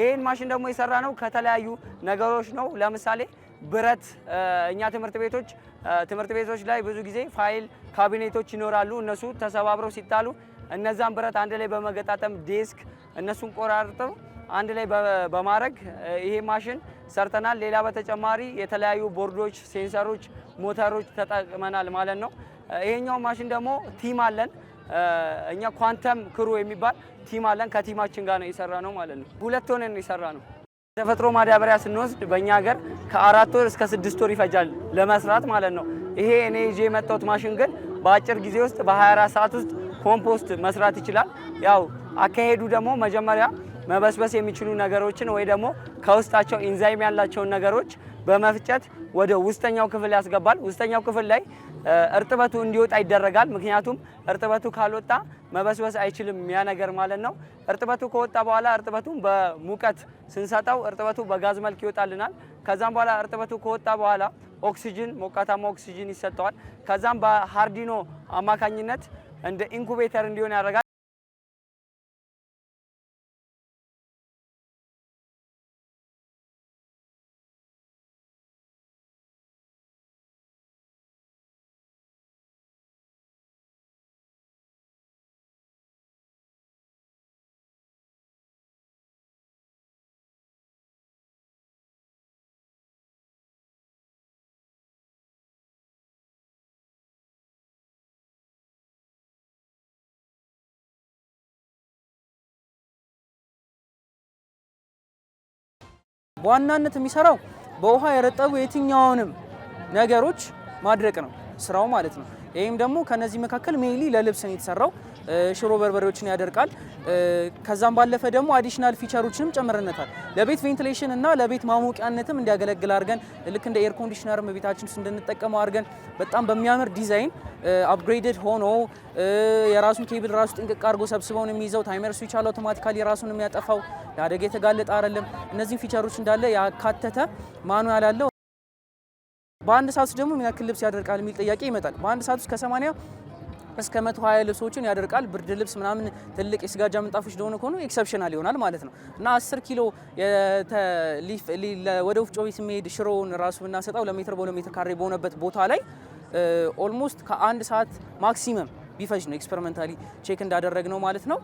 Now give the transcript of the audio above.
ይህን ማሽን ደግሞ የሰራ ነው ከተለያዩ ነገሮች ነው። ለምሳሌ ብረት፣ እኛ ትምህርት ቤቶች ትምህርት ቤቶች ላይ ብዙ ጊዜ ፋይል ካቢኔቶች ይኖራሉ። እነሱ ተሰባብረው ሲጣሉ እነዛን ብረት አንድ ላይ በመገጣጠም ዴስክ፣ እነሱን ቆራርጠው አንድ ላይ በማድረግ ይሄ ማሽን ሰርተናል። ሌላ በተጨማሪ የተለያዩ ቦርዶች፣ ሴንሰሮች፣ ሞተሮች ተጠቅመናል ማለት ነው። ይሄኛው ማሽን ደግሞ ቲም አለን እኛ ኳንተም ክሩ የሚባል ቲም አለን። ከቲማችን ጋር ነው የሰራ ነው ማለት ነው። ሁለት ሆነን የሰራ ነው። ተፈጥሮ ማዳበሪያ ስንወስድ በእኛ ሀገር ከአራት ወር እስከ ስድስት ወር ይፈጃል ለመስራት ማለት ነው። ይሄ እኔ ይዤ የመጣሁት ማሽን ግን በአጭር ጊዜ ውስጥ በ24 ሰዓት ውስጥ ኮምፖስት መስራት ይችላል። ያው አካሄዱ ደግሞ መጀመሪያ መበስበስ የሚችሉ ነገሮችን ወይ ደግሞ ከውስጣቸው ኢንዛይም ያላቸውን ነገሮች በመፍጨት ወደ ውስጠኛው ክፍል ያስገባል። ውስጠኛው ክፍል ላይ እርጥበቱ እንዲወጣ ይደረጋል። ምክንያቱም እርጥበቱ ካልወጣ መበስበስ አይችልም ያ ነገር ማለት ነው። እርጥበቱ ከወጣ በኋላ እርጥበቱን በሙቀት ስንሰጠው እርጥበቱ በጋዝ መልክ ይወጣልናል። ከዛም በኋላ እርጥበቱ ከወጣ በኋላ ኦክሲጅን፣ ሞቃታማ ኦክሲጅን ይሰጠዋል። ከዛም በሃርዲኖ አማካኝነት እንደ ኢንኩቤተር እንዲሆን ያደርጋል። በዋናነት የሚሰራው በውሃ የረጠቡ የትኛውንም ነገሮች ማድረቅ ነው ስራው ማለት ነው። ይህም ደግሞ ከነዚህ መካከል ሜይሊ ለልብስ ነው የተሰራው። ሽሮ በርበሬዎችን ያደርቃል። ከዛም ባለፈ ደግሞ አዲሽናል ፊቸሮችንም ጨምረነታል። ለቤት ቬንቲሌሽን እና ለቤት ማሞቂያነትም እንዲያገለግል አድርገን ልክ እንደ ኤር ኮንዲሽነር ቤታችን ውስጥ እንድንጠቀመው አድርገን በጣም በሚያምር ዲዛይን አፕግሬድድ ሆኖ የራሱን ኬብል ራሱ ጥንቅቅ አድርጎ ሰብስበውን የሚይዘው ታይመር ስዊች አለ። አውቶማቲካሊ ራሱን የሚያጠፋው ለአደጋ የተጋለጠ አይደለም። እነዚህም ፊቸሮች እንዳለ ያካተተ ማኑያል አለው። በአንድ ሰዓት ደግሞ ምን ያክል ልብስ ያደርቃል የሚል ጥያቄ ይመጣል። በአንድ ሰዓት ውስጥ ከ80 እስከ 120 ልብሶችን ያደርቃል። ብርድ ልብስ ምናምን ትልቅ የስጋጃ ምንጣፎች ደሆነ ከሆኑ ኤክሰፕሽናል ይሆናል ማለት ነው እና 10 ኪሎ ወደ ወፍጮ ቤት የሚሄድ ሽሮውን ራሱ ብናሰጠው ለሜትር በሁለት ሜትር ካሬ በሆነበት ቦታ ላይ ኦልሞስት ከአንድ ሰዓት ማክሲመም ቢፈጅ ነው ኤክስፐሪመንታሊ ቼክ እንዳደረግ ነው ማለት ነው።